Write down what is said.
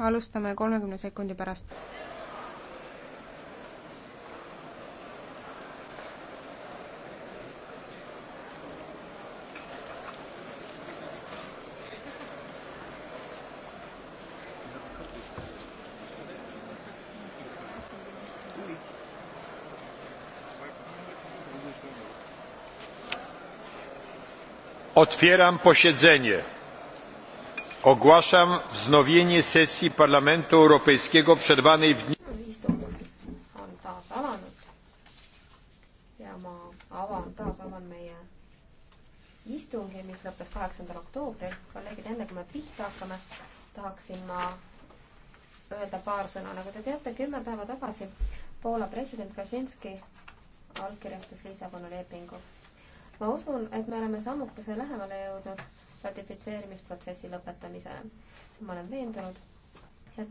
alustame kolmekümne sekundi pärast. Otwieram posiedzenie. Ogłaszam wznowienie sesji Parlamentu Europejskiego przerwanej w dniu... ja ma avan, taas avan meie istungi, mis lõppes kaheksandal oktoobril. kolleegid, enne kui me pihta hakkame, tahaksin ma öelda paar sõna. nagu te teate, kümme päeva tagasi Poola president Kaczynski allkirjastas Lissaboni lepingu. ma usun, et me oleme sammukese lähemale jõudnud ratifitseerimisprotsessi lõpetamisele. ma olen veendunud, et me